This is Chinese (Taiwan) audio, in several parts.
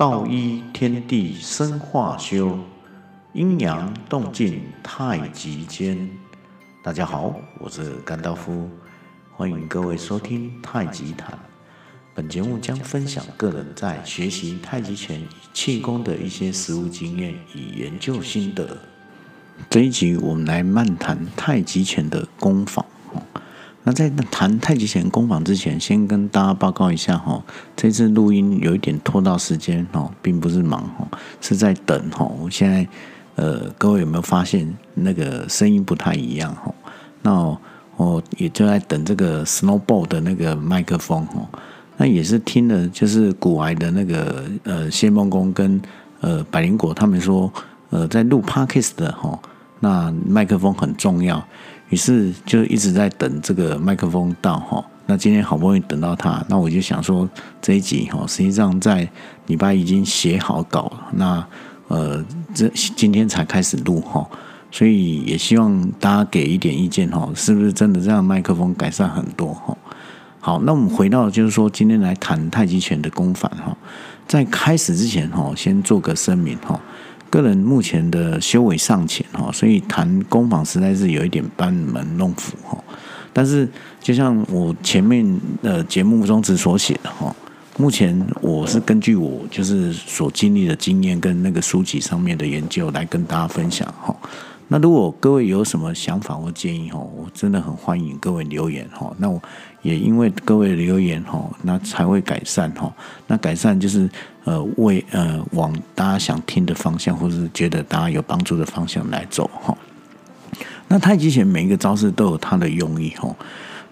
道醫天地生化修，陰陽動靜太極間。大家好，我是甘道夫，歡迎各位收聽《太極談》。本節目將分享個人在學習太極拳、氣功的一些實務經驗與研究心得。這一集我們來漫談太極拳的功法。那在談太極拳攻防之前，先跟大家報告一下哈，這次錄音有一點拖到時間哈，並不是忙哈，是在等哈。我現在呃，各位有沒有發現那個聲音不太一樣哈？那我，我也就在等這個 Snowball 的那個麥克風哈。那也是聽了就是股癌的那個呃謝孟恭，跟呃百靈果他們說呃在錄 Podcast 的哈，那麥克風很重要。於是就一直在等這個麥克風到哈，那今天好不容易等到他，那我就想說這一集哈，實際上在禮拜已經寫好稿了，那呃，這今天才開始錄哈，所以也希望大家給一點意見哈，是不是真的讓麥克風改善很多哈？好，那我們回到就是說今天來談太極拳的攻防哈，在開始之前哈，先做個聲明哈。個人目前的修為尚淺哈，所以談攻防實在是有一點班門弄斧哈。但是就像我前面的節目宗旨所寫的哈，目前我是根據我就是所經歷的經驗跟那個書籍上面的研究來跟大家分享哈。那如果各位有什麼想法或建議吼，我真的很歡迎各位留言哈。那我也因為各位留言吼，那才會改善哈。那改善就是呃為呃往大家想聽的方向，或是覺得大家有幫助的方向來走哈。那太極拳每一個招式都有它的用意吼。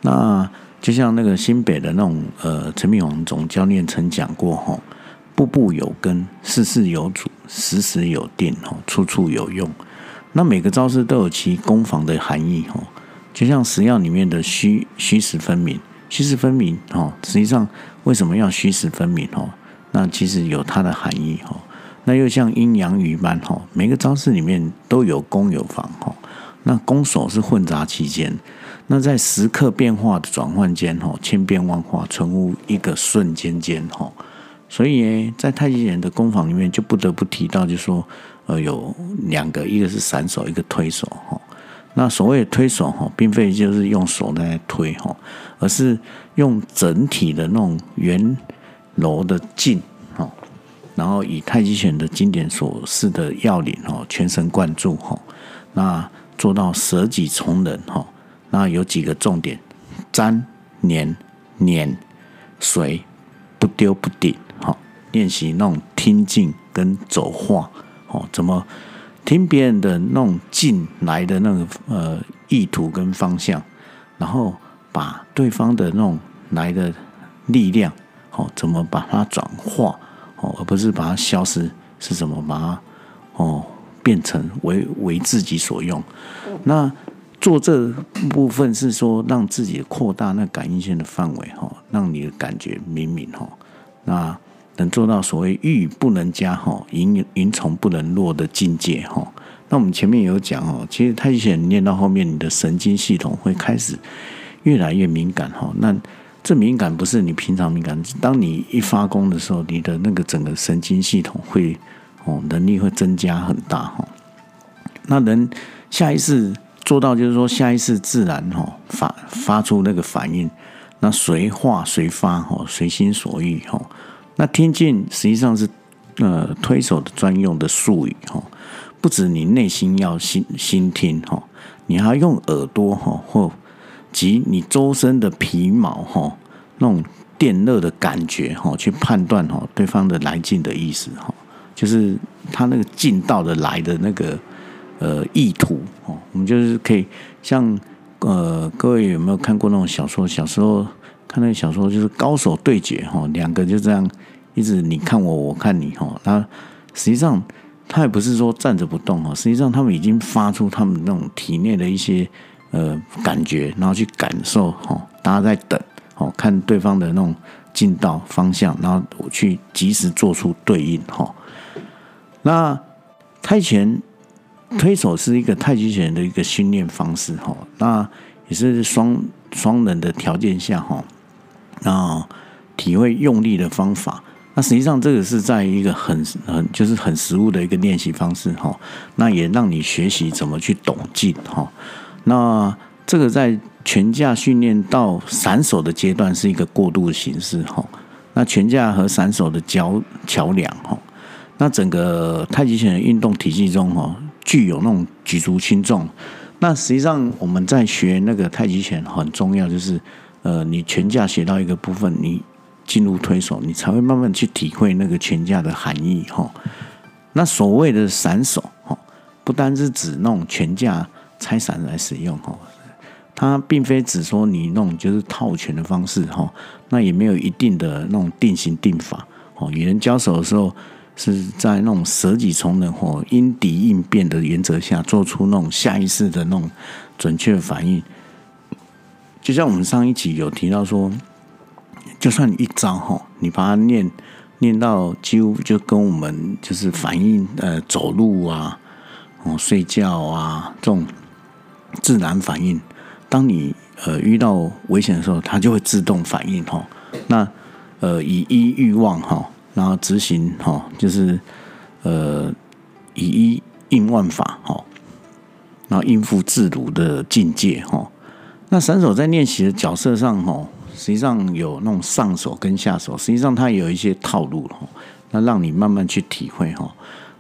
那就像那個新北的那種呃陳明宏總教練曾講過吼，步步有根，事事有主，時時有定吼，處處有用。那每個招式都有其攻防的含義哈，就像十要裡面的虛虛實分明，虛實分明哈，實際上為什麼要虛實分明哈？那其實有它的含義哈。那又像陰陽魚般哈，每個招式裡面都有攻有防哈。那攻守是混雜其間，那在時刻變化的轉換間哈，千變萬化，存乎一個瞬間間哈。所以在太極拳的攻防裡面，就不得不提到，就是說。呃，有兩個，一個是散手，一個推手，那所謂的推手，並非就是用手在推，而是用整體的那種圓柔的勁，然後以太極拳的經典所示的要領，全神貫注，那做到舍己從人，那有幾個重點：沾、黏、連、隨，不丟不頂，練習那種聽勁跟走化。哦，怎麼聽別人的那種進來的那個呃意圖跟方向，然後把對方的那種來的力量，哦，怎麼把它轉化，哦，而不是把它消失，是怎麼把它哦變成為為自己所用？那做這部分是說讓自己擴大那感應線的範圍，哦，讓你的感覺敏敏，哦，那。能做到所謂羽不能加哈，蠅蟲不能落的境界哈。那我們前面有講哦，其實太極拳練到後面，你的神經系統會開始越來越敏感哈。那這敏感不是你平常敏感，當你一發功的時候，你的那個整個神經系統會哦，能力會增加很大哈。那人下一次做到就是說下一次自然哈，發發出那個反應，那隨化隨發哈，隨心所欲哈。那聽勁實際上是，呃，推手的專用的術語哈、哦，不止你內心要心心聽哈、哦，你還要用耳朵哈、哦，或及你周身的皮毛哈、哦，那種電熱的感覺哈、哦，去判斷哈、哦、對方的來勁的意思哈、哦，就是他那個勁道的來的那個呃意圖哦，我們就是可以像呃各位有沒有看過那種小說？小時候。那小說就是高手對決哈，兩個就這樣一直你看我我看你哈，他實際上他也不是說站着不動哦，實際上他們已經發出他們那種體內的一些呃感覺，然後去感受哈，大家在等哦，看對方的那種勁道方向，然後去及時做出對應哈。那太極拳推手是一個太極拳的一個訓練方式哈，那也是雙雙人的條件下哈。那、哦、體會用力的方法，那實際上這個是在一個很很就是很實物的一個練習方式哈、哦。那也讓你學習怎麼去懂勁哈、哦。那這個在拳架訓練到散手的階段是一個過渡的形式哈、哦。那拳架和散手的橋橋樑哈、哦。那整個太極拳的運動體系中哈、哦，具有那種舉足輕重。那實際上我們在學那個太極拳很重要就是。呃，你拳架學到一個部分，你進入推手，你才會慢慢去體會那個拳架的含義哈、哦。那所謂的散手、哦、不單是指那種拳架拆散來使用、哦、它並非只說你弄就是套拳的方式、哦、那也沒有一定的那種定型定法哦。與人交手的時候，是在那種舍己從人或、哦、因敵應變的原則下，做出那種下意識的那種準確反應。就像我們上一集有提到說，就算你一招哈，你把它念念到幾乎就跟我們就是反應呃走路啊，哦、呃、睡覺啊這種自然反應，當你呃遇到危險的時候，它就會自動反應哈。那呃以一欲望哈，然後執行哈，就是呃以一應萬法哈，然後應付自如的境界哈。那散手在練習的角色上吼，實際上有那種上手跟下手，實際上它有一些套路吼，那讓你慢慢去體會哈。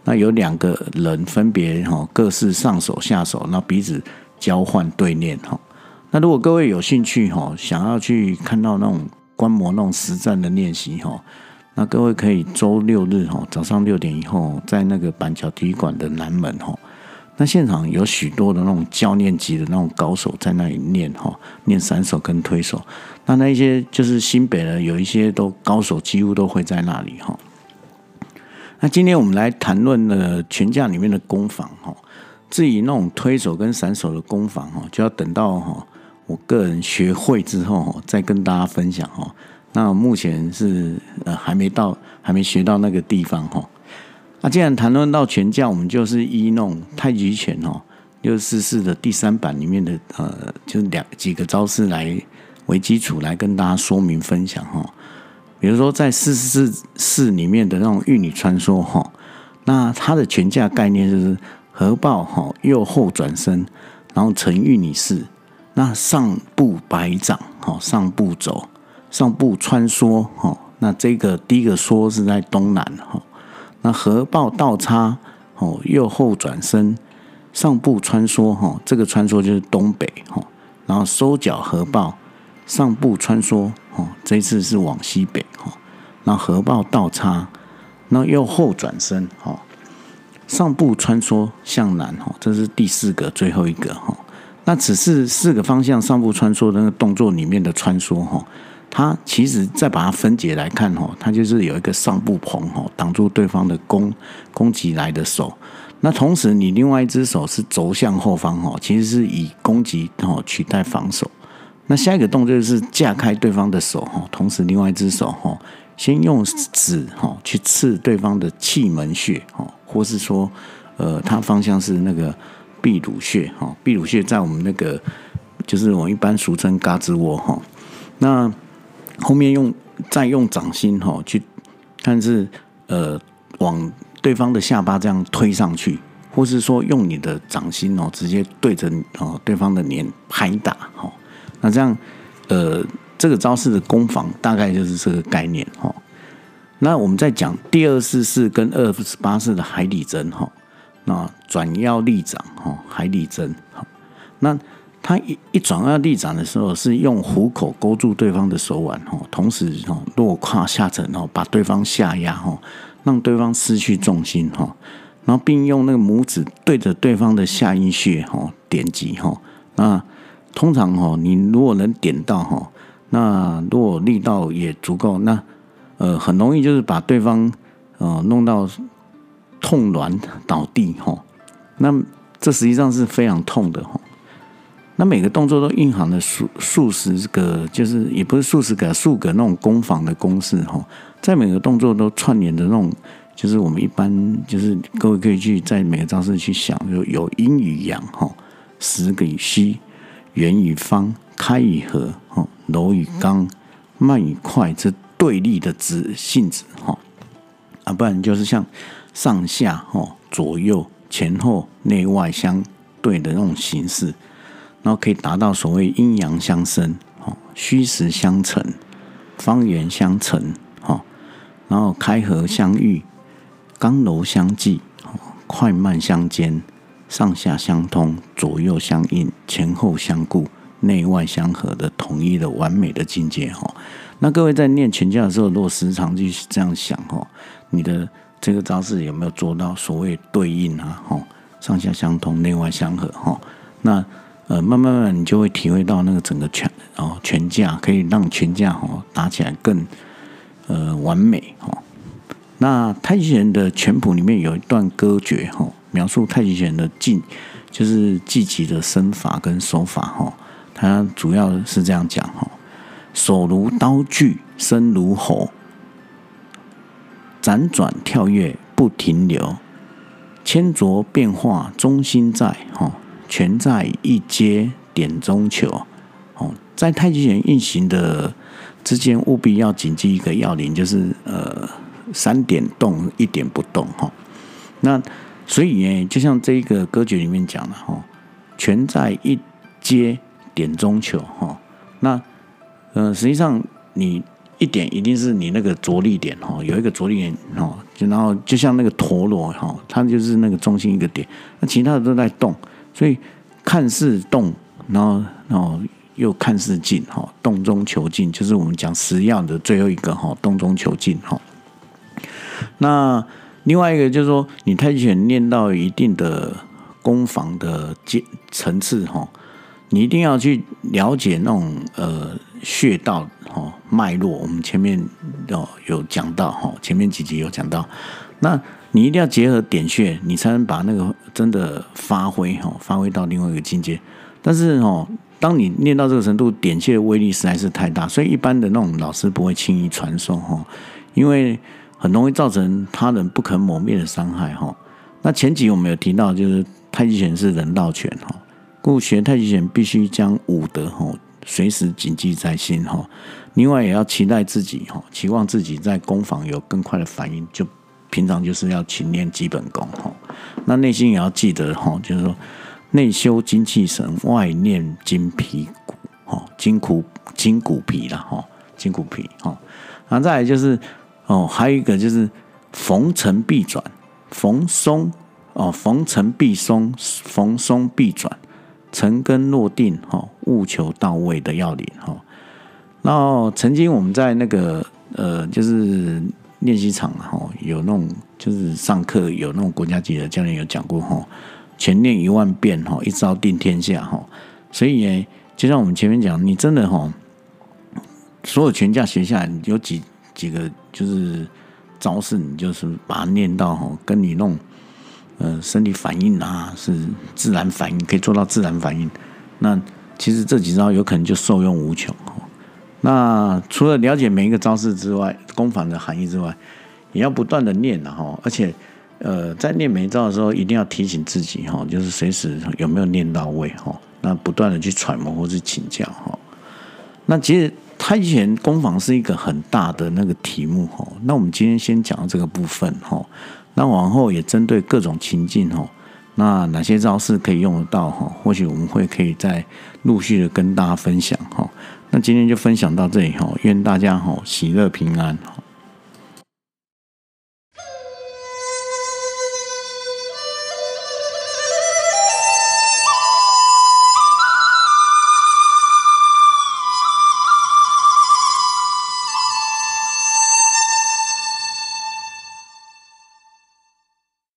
那有兩個人分別吼，各是上手、下手，那彼此交換對練哈。那如果各位有興趣吼，想要去看到那種觀摩那種實戰的練習哈，那各位可以周六日吼，早上六點以後，在那個板橋體育館的南門吼。那現場有許多的那種教練級的那種高手在那裡練哈、哦，練散手跟推手。那那一些就是新北的有一些都高手，幾乎都會在那裡哈、哦。那今天我們來談論的拳架裡面的攻防哈，至於那種推手跟散手的攻防哦，就要等到哈、哦，我個人學會之後、哦、再跟大家分享哈、哦。那目前是呃還沒到，還沒學到那個地方哈、哦。啊、既然談論到拳架，我們就是一、e、弄太極拳哦，六、就是、四四的第三版裡面的呃，就是、兩幾個招式來為基礎來跟大家說明分享哈、哦。比如說在四四四裡面的那種玉女穿梭哈、哦，那它的拳架概念就是合抱哈、哦，右後轉身，然後成玉女式，那上步白掌哈、哦，上步走，上步穿梭哈、哦，那這個第一個梭是在東南哈。那合抱倒叉，哦，右後轉身，上步穿梭，哈、哦，這個穿梭就是東北，哈、哦，然後收腳合抱，上步穿梭，哦，這一次是往西北，哈、哦，那合抱倒叉，那右後轉身，哈、哦，上步穿梭向南，哈、哦，這是第四個，最後一個，哈、哦，那只是四個方向上步穿梭的那個動作裡面的穿梭，哈、哦。它其實再把它分解來看吼、哦，它就是有一個上掤吼、哦，擋住對方的攻攻擊來的手。那同時你另外一只手是軸向後方吼、哦，其實是以攻擊吼、哦、取代防守。那下一個動作是架開對方的手吼、哦，同時另外一只手吼、哦，先用指吼、哦、去刺對方的氣門穴吼、哦，或是說呃，它方向是那個臂儒穴吼、哦，臂儒穴在我們那個就是我們一般俗稱“胳肢窩、哦”哈，那。後面用再用掌心哈、哦、去、看是呃往對方的下巴這樣推上去，或是說用你的掌心哦直接對着哦對方的臉拍打哈、哦，那這樣呃這個招式的攻防大概就是這個概念哈、哦。那我們再講第二十四式跟二十八式的海底針哈、哦，那轉腰立掌哈、哦、海底針哈、哦、那。他一一轉腰立掌的時候，是用虎口勾住對方的手腕吼、哦，同時吼、哦、落胯下沉吼、哦，把對方下壓吼、哦，讓對方失去重心吼、哦，然後並用那個拇指對着對方的下陰穴吼、哦、點擊吼、哦。那通常吼、哦，你如果能點到吼、哦，那如果力道也足夠，那呃很容易就是把對方、哦、弄到痛軟倒地吼、哦。那這實際上是非常痛的吼。那每個動作都蘊含了數數十個，就是也不是數十個，數個那種攻防的公式哈。在每個動作都串聯着那種，就是我們一般就是各位可以去在每個招式去想，就有陰與陽哈，實與虛，圓與方，開與合哈，柔與剛，慢與快，這對立的質性質哈。啊，不然就是像上下哈，左右前後內外相對的那種形式。然後可以達到所謂陰陽相生、哈虛實相成、方圓相成、然後開合相遇、剛柔相濟、快慢相間、上下相通、左右相應、前後相顧、內外相合的統一的完美的境界。那各位在念拳架的時候，如果時常去這樣想你的這個招式有沒有做到所謂對應啊？上下相通、內外相合那，呃，慢慢慢，你就會體會到那個整個拳，然、哦、後拳架可以讓拳架吼、哦、打起來更呃完美哈、哦。那太極拳的拳譜裡面有一段歌訣吼，描述太極拳的勁，就是技擊的身法跟手法哈、哦。它主要是這樣講哈、哦：手如刀鋸，身如猴，輾轉跳躍不停留，千着變化中心在哈，哦全在一接點中求哦，在太極拳運行的之間，務必要謹記一個要領，就是呃，三點動，一點不動哈。那所以呢，就像這一個歌訣裡面講的哈，全在一接點中求哈。那呃，實際上你一點一定是你那個着力點哈，有一個着力點哈，然後就像那個陀螺哈，它就是那個中心一個點，那其他的都在動。所以，看似動，然後然後又看似靜，哈，動中求靜，就是我們講十要的最後一個，哈，動中求靜，哈。那另外一個就是說，你太極拳練到一定的攻防的階層次，哈，你一定要去了解那種呃穴道，哈，脈絡。我們前面哦有講到，哈，前面幾集有講到，那。你一定要結合點穴，你才能把那個真的發揮哈，發揮到另外一個境界。但是哈，當你練到這個程度，點穴的威力實在是太大，所以一般的那種老師不會輕易傳授哈，因為很容易造成他人不可磨滅的傷害哈。那前集我們有提到，就是太極拳是人道拳哈，故學太極拳必須將武德哈隨時謹記在心哈。另外也要期待自己哈，期望自己在攻防有更快的反應就。平常就是要勤練基本功哈，那內心也要記得哈，就是說內修精氣神，外練筋皮骨，哦筋骨筋骨皮啦哈，筋骨皮哈，然後再來就是哦，還有一個就是逢沉必轉，逢鬆哦逢沉必鬆，逢鬆必轉，沉根落定哈，務求到位的要領哈。然後曾經我們在那個呃就是。練習場哈，有那種就是上課有那種國家級的教練有講過哈，全練一萬遍哈，一招定天下哈，所以呢，就像我們前面講，你真的哈，所有拳架學下來有幾幾個就是招式，你就是把它練到哈跟你弄，呃，身體反應啊，是自然反應，可以做到自然反應，那其實這幾招有可能就受用無窮。那除了了解每一個招式之外，攻防的含義之外，也要不斷的念哈，而且，呃，在念每一招的時候，一定要提醒自己哈，就是隨時有沒有念到位哈，那不斷的去揣摩或是請教哈。那其實太極拳攻防是一個很大的那個題目哈，那我們今天先講到這個部分哈，那往後也針對各種情境哈。那哪些招式可以用得到哈？或許我們會可以再陸續的跟大家分享哈。那今天就分享到這裡哈，願大家哈喜樂平安。